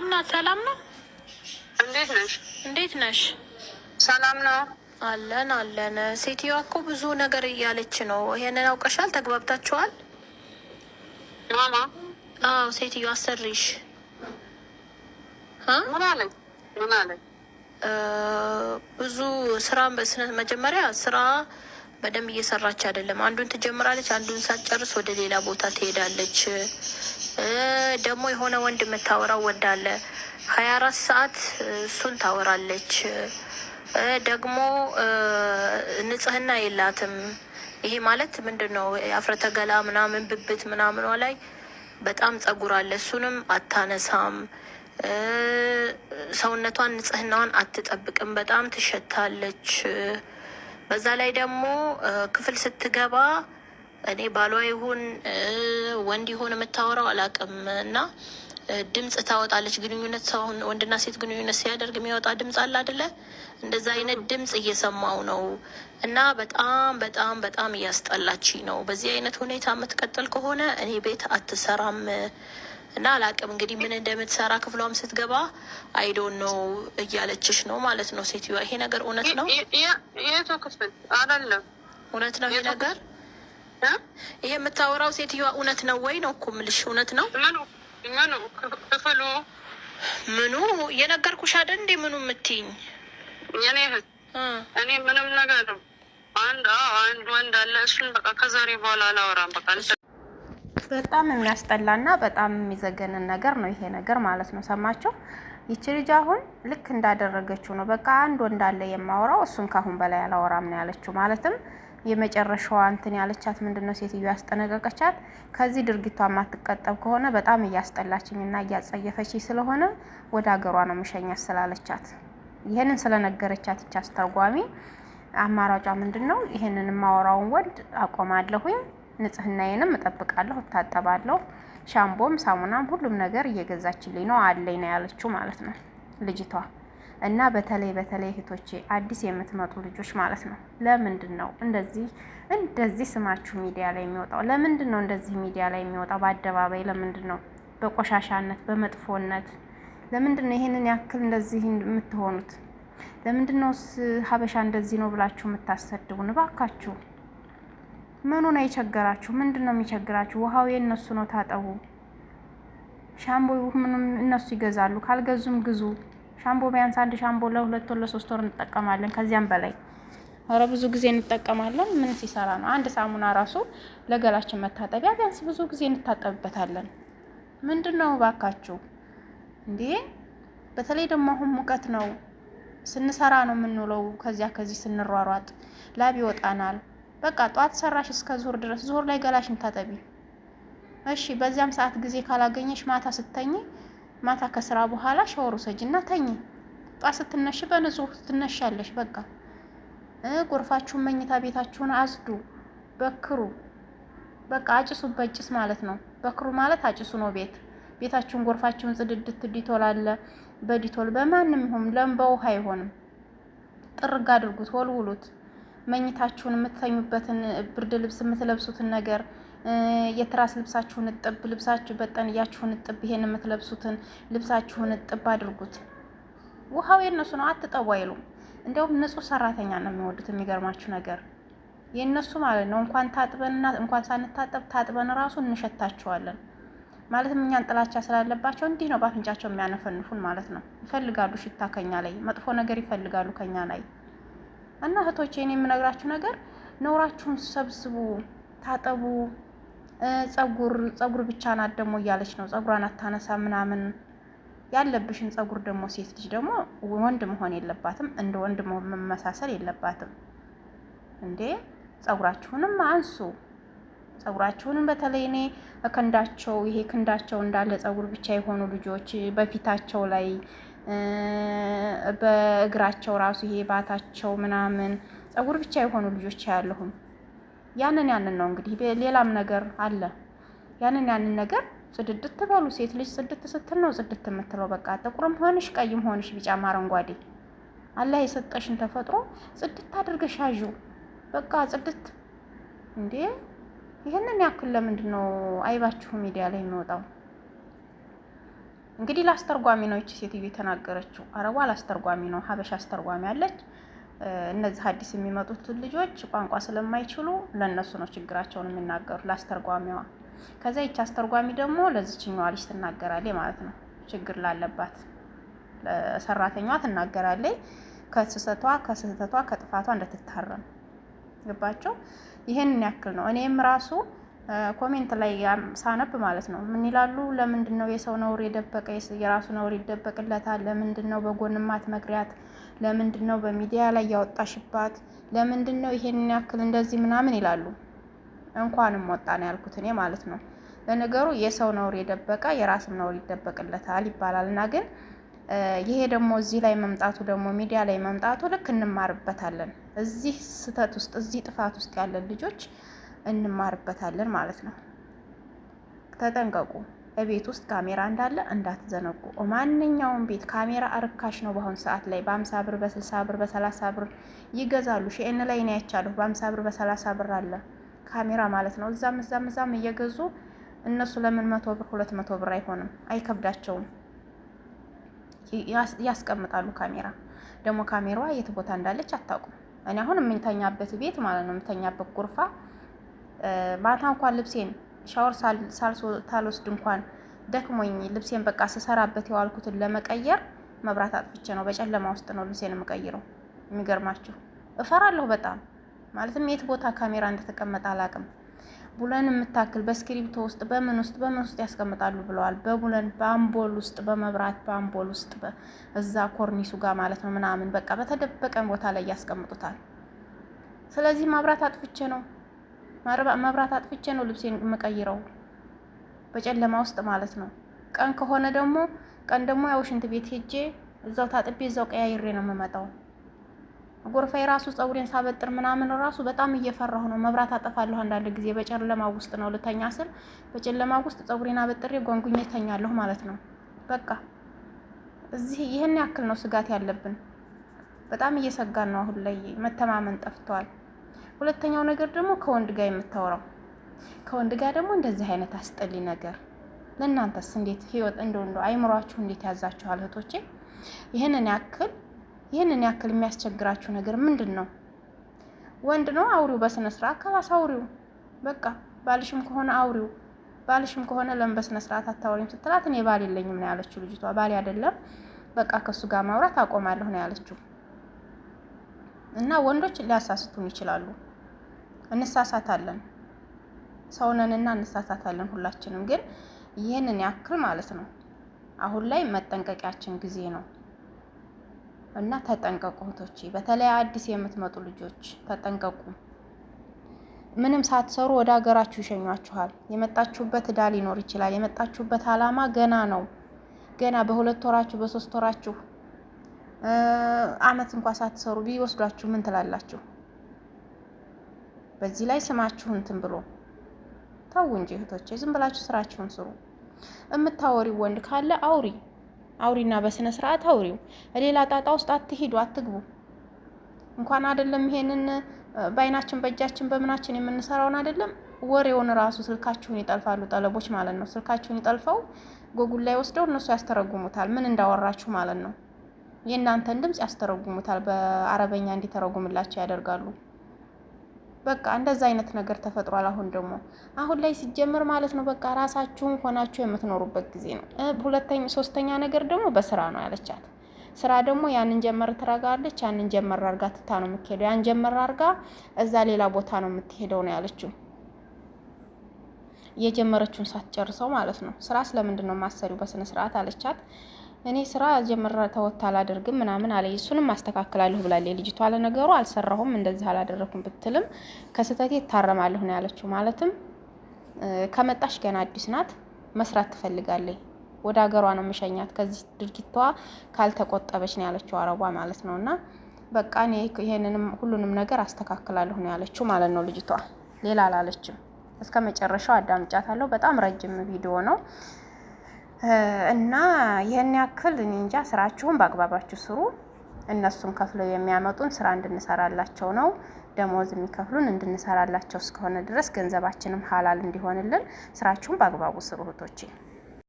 እና ሰላም ነው። እንዴት ነሽ? እንዴት ነሽ? ሰላም ነው አለን አለን። ሴትዮዋ እኮ ብዙ ነገር እያለች ነው። ይሄንን አውቀሻል? ተግባብታችኋል? ማማ አዎ፣ ሴትዮ አሰሪሽ ምን አለኝ? ብዙ ስራ መጀመሪያ ስራ በደንብ እየሰራች አይደለም። አንዱን ትጀምራለች፣ አንዱን ሳትጨርስ ወደ ሌላ ቦታ ትሄዳለች። ደግሞ የሆነ ወንድ የምታወራው ወንድ አለ ሀያ አራት ሰዓት እሱን ታወራለች። ደግሞ ንጽህና የላትም። ይሄ ማለት ምንድን ነው? ገላ ምናምን ብብት ምናምኗ ላይ በጣም ጸጉር አለ። እሱንም አታነሳም። ሰውነቷን ንጽህናዋን አትጠብቅም። በጣም ትሸታለች። በዛ ላይ ደግሞ ክፍል ስትገባ እኔ ባሏ ይሁን ወንድ ይሁን የምታወራው አላውቅም እና ድምፅ ታወጣለች። ግንኙነት ሰውን ወንድና ሴት ግንኙነት ሲያደርግ የሚወጣ ድምፅ አለ አደለ? እንደዛ አይነት ድምፅ እየሰማው ነው እና በጣም በጣም በጣም እያስጠላች ነው። በዚህ አይነት ሁኔታ የምትቀጥል ከሆነ እኔ ቤት አትሰራም እና አላቅም እንግዲህ ምን እንደምትሰራ ክፍሏም ስትገባ አይዶን ነው እያለችሽ ነው ማለት ነው ሴትዮዋ። ይሄ ነገር እውነት ነው? የቱ ክፍል አላለም። እውነት ነው ይሄ ነገር ይሄ የምታወራው ሴትዮዋ እውነት ነው ወይ ነው እኮ የምልሽ። እውነት ነው ምኑ ክፍሉ ምኑ የነገርኩሽ አይደል እንዴ? ምኑ የምትይኝ እኔ እኔ ምንም ነገር ነው አንድ አንድ ወንድ አለ። እሱን በቃ ከዛሬ በኋላ አላወራም በቃ በጣም የሚያስጠላና በጣም የሚዘገንን ነገር ነው ይሄ ነገር ማለት ነው። ሰማችሁ? ይቺ ልጅ አሁን ልክ እንዳደረገችው ነው። በቃ አንድ አለ የማወራው እሱን ካሁን በላይ አላወራም ነው ያለችው። ማለትም የመጨረሻዋ እንትን ያለቻት ምንድን ነው ሴትዮ ያስጠነቀቀቻት፣ ከዚህ ድርጊቷ የማትቀጠብ ከሆነ በጣም እያስጠላችኝና እያጸየፈች ስለሆነ ወደ ሀገሯ ነው ምሸኛት ስላለቻት፣ ይህንን ስለነገረቻት ይቻ አስተርጓሚ አማራጯ ምንድን ነው ይህንን የማወራውን ወንድ አቆማለሁኝ ንጽህናዬንም እጠብቃለሁ፣ እታጠባለሁ። ሻምቦም ሳሙናም ሁሉም ነገር እየገዛችልኝ ነው አለኝ ነው ያለችው ማለት ነው ልጅቷ። እና በተለይ በተለይ እህቶቼ አዲስ የምትመጡ ልጆች ማለት ነው ለምንድን ነው እንደዚህ እንደዚህ ስማችሁ ሚዲያ ላይ የሚወጣው? ለምንድን ነው እንደዚህ ሚዲያ ላይ የሚወጣው? በአደባባይ ለምንድን ነው በቆሻሻነት በመጥፎነት? ለምንድን ነው ይሄንን ያክል እንደዚህ የምትሆኑት? ለምንድን ነው ሀበሻ እንደዚህ ነው ብላችሁ የምታሰድቡን? እባካችሁ ምኑ ነው የቸገራችሁ? ምንድን ነው የሚቸግራችሁ? ውሃው የእነሱ ነው፣ ታጠቡ። ሻምቦ ምንም እነሱ ይገዛሉ። ካልገዙም ግዙ። ሻምቦ ቢያንስ አንድ ሻምቦ ለሁለት ወር ለሶስት ወር እንጠቀማለን፣ ከዚያም በላይ ኧረ ብዙ ጊዜ እንጠቀማለን። ምን ሲሰራ ነው? አንድ ሳሙና ራሱ ለገላችን መታጠቢያ ቢያንስ ብዙ ጊዜ እንታጠብበታለን። ምንድን ነው ባካችሁ እንዴ! በተለይ ደግሞ አሁን ሙቀት ነው፣ ስንሰራ ነው የምንውለው። ከዚያ ከዚህ ስንሯሯጥ ላብ ይወጣናል። በቃ ጧት ሰራሽ እስከ ዙር ድረስ ዙር ላይ ገላሽን ታጠቢ። እሺ በዚያም ሰዓት ጊዜ ካላገኘሽ ማታ ስተኝ ማታ ከስራ በኋላ ሻወር ውሰጂ እና ተኝ። ጧት ስትነሽ በንጹህ ትነሻለሽ። በቃ ጎርፋችሁን መኝታ ቤታችሁን አጽዱ፣ በክሩ። በቃ አጭሱበት ጭስ ማለት ነው። በክሩ ማለት አጭሱ ነው። ቤት ቤታችሁን ጎርፋችሁን ጽድድት ዲቶል አለ በዲቶል በማንም ይሁን ለም በውሃ አይሆንም። ጥርግ አድርጉት፣ ወልውሉት። መኝታችሁን የምትተኙበትን ብርድ ልብስ የምትለብሱትን ነገር የትራስ ልብሳችሁን እጥብ ልብሳችሁ በጠንያችሁን እጥብ ይሄን የምትለብሱትን ልብሳችሁን እጥብ አድርጉት። ውሃው የእነሱ ነው፣ አትጠቡ አይሉም። እንዲያውም ንጹህ ሰራተኛ ነው የሚወዱት። የሚገርማችሁ ነገር የእነሱ ማለት ነው እንኳን ታጥበንና እንኳን ሳንታጠብ ታጥበን ራሱ እንሸታቸዋለን። ማለትም እኛን ጥላቻ ስላለባቸው እንዲህ ነው በአፍንጫቸው የሚያነፈንፉን ማለት ነው። ይፈልጋሉ ሽታ ከኛ ላይ መጥፎ ነገር ይፈልጋሉ ከኛ ላይ እና እህቶቼ እኔ የምነግራችሁ ነገር ነውራችሁን ሰብስቡ፣ ታጠቡ። ጸጉር ጸጉር ብቻ ናት ደግሞ እያለች ነው ጸጉሯን አታነሳ ምናምን ያለብሽን ጸጉር ደግሞ ሴት ልጅ ደግሞ ወንድ መሆን የለባትም እንደ ወንድ መመሳሰል የለባትም እንዴ። ጸጉራችሁንም አንሱ። ጸጉራችሁንም በተለይ እኔ ክንዳቸው ይሄ ክንዳቸው እንዳለ ጸጉር ብቻ የሆኑ ልጆች በፊታቸው ላይ በእግራቸው ራሱ ይሄ ባታቸው ምናምን ጸጉር ብቻ የሆኑ ልጆች ያለሁም ያንን ያንን ነው እንግዲህ ሌላም ነገር አለ። ያንን ያንን ነገር ጽድድት በሉ። ሴት ልጅ ጽድት ስትል ነው ጽድት የምትለው። በቃ ጥቁርም ሆንሽ ቀይም ሆንሽ ቢጫም አረንጓዴ አላህ የሰጠሽን ተፈጥሮ ጽድት አድርገሽ ያዥ። በቃ ጽድት እንዴ! ይህንን ያክል ለምንድን ነው አይባችሁ ሚዲያ ላይ የሚወጣው? እንግዲህ ለአስተርጓሚ ነው ይቺ ሴትዮ የተናገረችው። አረቧ ለአስተርጓሚ ነው፣ ሀበሻ አስተርጓሚ አለች። እነዚህ አዲስ የሚመጡት ልጆች ቋንቋ ስለማይችሉ ለእነሱ ነው ችግራቸውን የሚናገሩት ለአስተርጓሚዋ። ከዚ ይቺ አስተርጓሚ ደግሞ ለዚችኛዋ ልጅ ትናገራለች ማለት ነው። ችግር ላለባት ሰራተኛዋ ትናገራለች ከስህተቷ ከስህተቷ ከጥፋቷ እንደትታረም ግባቸው። ይህንን ያክል ነው እኔም ራሱ ኮሜንት ላይ ሳነብ ማለት ነው ምን ይላሉ? ለምንድን ነው የሰው ነውር የደበቀ የራሱ ነውር ይደበቅለታል? ለምንድን ነው በጎንማት መግሪያት? ለምንድን ነው በሚዲያ ላይ ያወጣሽባት? ለምንድን ነው ይሄን ያክል እንደዚህ ምናምን ይላሉ። እንኳንም ወጣ ነው ያልኩት እኔ ማለት ነው። ለነገሩ የሰው ነውር የደበቀ የራስም ነውር ይደበቅለታል ይባላል እና ግን ይሄ ደግሞ እዚህ ላይ መምጣቱ ደግሞ ሚዲያ ላይ መምጣቱ ልክ እንማርበታለን። እዚህ ስህተት ውስጥ እዚህ ጥፋት ውስጥ ያለን ልጆች እንማርበታለን ማለት ነው። ተጠንቀቁ። ቤት ውስጥ ካሜራ እንዳለ እንዳትዘነጉ። ማንኛውም ቤት ካሜራ አርካሽ ነው በአሁኑ ሰዓት ላይ በአምሳ ብር በስልሳ ብር በሰላሳ ብር ይገዛሉ። ሺኤን ላይ ነው ያቻለሁ በአምሳ ብር በሰላሳ ብር አለ ካሜራ ማለት ነው። እዛም እዛም እዛም እየገዙ እነሱ ለምን መቶ ብር ሁለት መቶ ብር አይሆንም፣ አይከብዳቸውም። ያስቀምጣሉ ካሜራ። ደግሞ ካሜራዋ የት ቦታ እንዳለች አታውቁም። እኔ አሁን የምንተኛበት ቤት ማለት ነው የምተኛበት ጉርፋ ማታ እንኳን ልብሴን ሻወር ሳልወስድ እንኳን ደክሞኝ ልብሴን በቃ ስሰራበት የዋልኩትን ለመቀየር መብራት አጥፍቼ ነው፣ በጨለማ ውስጥ ነው ልብሴን የምቀይረው። የሚገርማችሁ እፈራለሁ በጣም ማለትም የት ቦታ ካሜራ እንደተቀመጠ አላቅም። ቡለን የምታክል በስክሪፕቶ ውስጥ በምን ውስጥ በምን ውስጥ ያስቀምጣሉ ብለዋል። በቡለን በአምቦል ውስጥ በመብራት በአምቦል ውስጥ እዛ ኮርኒሱ ጋር ማለት ነው ምናምን በቃ በተደበቀን ቦታ ላይ ያስቀምጡታል። ስለዚህ መብራት አጥፍቼ ነው መብራት አጥፍቼ ነው ልብሴን የምቀይረው በጨለማ ውስጥ ማለት ነው። ቀን ከሆነ ደግሞ ቀን ደግሞ ያው ሽንት ቤት ሄጄ እዛው ታጥቤ እዛው ቀያይሬ ነው የምመጣው። ጎርፋ ራሱ ፀጉሬን ሳበጥር ምናምን ራሱ በጣም እየፈራሁ ነው። መብራት አጠፋለሁ አንዳንድ ጊዜ በጨለማ ውስጥ ነው ልተኛ ስል በጨለማ ውስጥ ፀጉሬን አበጥሬ ጓንጉኜ ተኛለሁ ማለት ነው። በቃ እዚህ ይህን ያክል ነው ስጋት ያለብን። በጣም እየሰጋን ነው አሁን ላይ መተማመን ጠፍቷል። ሁለተኛው ነገር ደግሞ ከወንድ ጋር የምታወራው ከወንድ ጋር ደግሞ እንደዚህ አይነት አስጠሊ ነገር ለእናንተስ እንዴት ህይወት እንደ እንደ አይምሯችሁ እንዴት ያዛችኋል? እህቶቼ ይህንን ያክል ይህንን ያክል የሚያስቸግራችሁ ነገር ምንድን ነው? ወንድ ነው አውሪው፣ በስነ ስርዓት ከላስ አውሪው፣ በቃ ባልሽም ከሆነ አውሪው፣ ባልሽም ከሆነ ለምን በስነ ስርዓት አታወሪም ስትላት እኔ ባል የለኝም ነው ያለችው ልጅቷ። ባል አይደለም በቃ ከእሱ ጋር ማውራት አቆማለሁ ነው ያለችው። እና ወንዶች ሊያሳስቱን ይችላሉ። እንሳሳታለን። ሰውነንና እንሳሳታለን ሁላችንም። ግን ይህንን ያክል ማለት ነው አሁን ላይ መጠንቀቂያችን ጊዜ ነው እና ተጠንቀቁ እህቶቼ፣ በተለይ አዲስ የምትመጡ ልጆች ተጠንቀቁ። ምንም ሳትሰሩ ወደ ሀገራችሁ ይሸኟችኋል። የመጣችሁበት እዳ ሊኖር ይችላል። የመጣችሁበት አላማ ገና ነው። ገና በሁለት ወራችሁ በሶስት ወራችሁ አመት እንኳ ሳትሰሩ ቢወስዷችሁ ምን ትላላችሁ? በዚህ ላይ ስማችሁን እንትን ብሎ ታው እንጂ እህቶቼ፣ ዝም ብላችሁ ስራችሁን ስሩ። የምታወሪው ወንድ ካለ አውሪ አውሪና በስነ ስርዓት አውሪው። ሌላ ጣጣ ውስጥ አትሂዱ፣ አትግቡ። እንኳን አይደለም ይሄንን በአይናችን በእጃችን በምናችን የምንሰራውን አይደለም ወሬውን ራሱ ስልካችሁን ይጠልፋሉ፣ ጠለቦች ማለት ነው። ስልካችሁን ይጠልፈው ጎጉል ላይ ወስደው እነሱ ያስተረጉሙታል፣ ምን እንዳወራችሁ ማለት ነው። የእናንተን ድምፅ ያስተረጉሙታል፣ በአረበኛ እንዲተረጉምላቸው ያደርጋሉ። በቃ እንደዛ አይነት ነገር ተፈጥሯል። አሁን ደግሞ አሁን ላይ ሲጀምር ማለት ነው በቃ ራሳችሁን ሆናችሁ የምትኖሩበት ጊዜ ነው። ሁለተኛ ሶስተኛ ነገር ደግሞ በስራ ነው ያለቻት። ስራ ደግሞ ያንን ጀመር ትረጋለች። ያንን ጀመር አርጋ ትታ ነው የምትሄደው። ያን ጀመር አርጋ እዛ ሌላ ቦታ ነው የምትሄደው ነው ያለችው። የጀመረችውን ሳትጨርሰው ማለት ነው። ስራ ስለምንድን ነው ማሰሪው በስነ ስርዓት አለቻት። እኔ ስራ ጀምራ ተወት አላደርግም ምናምን አለ እሱንም አስተካክላለሁ ብላለ ልጅቷ። ለነገሩ አልሰራሁም እንደዚህ አላደረኩም ብትልም ከስህተቴ እታረማለሁ ነው ያለችው። ማለትም ከመጣሽ ገና አዲስ ናት፣ መስራት ትፈልጋለች። ወደ ሀገሯ ነው መሸኛት ከዚህ ድርጊቷ ካልተቆጠበች ነው ያለችው፣ አረቧ ማለት ነው። እና በቃ እኔ ይሄንንም ሁሉንም ነገር አስተካክላለሁ ነው ያለችው ማለት ነው ልጅቷ። ሌላ አላለችም። እስከ መጨረሻው አዳምጫታለሁ። በጣም ረጅም ቪዲዮ ነው። እና ይህን ያክል እኔ እንጃ። ስራችሁን በአግባባችሁ ስሩ። እነሱም ከፍለው የሚያመጡን ስራ እንድንሰራላቸው ነው። ደሞዝ የሚከፍሉን እንድንሰራላቸው እስከሆነ ድረስ ገንዘባችንም ሀላል እንዲሆንልን ስራችሁን በአግባቡ ስሩ እህቶቼ።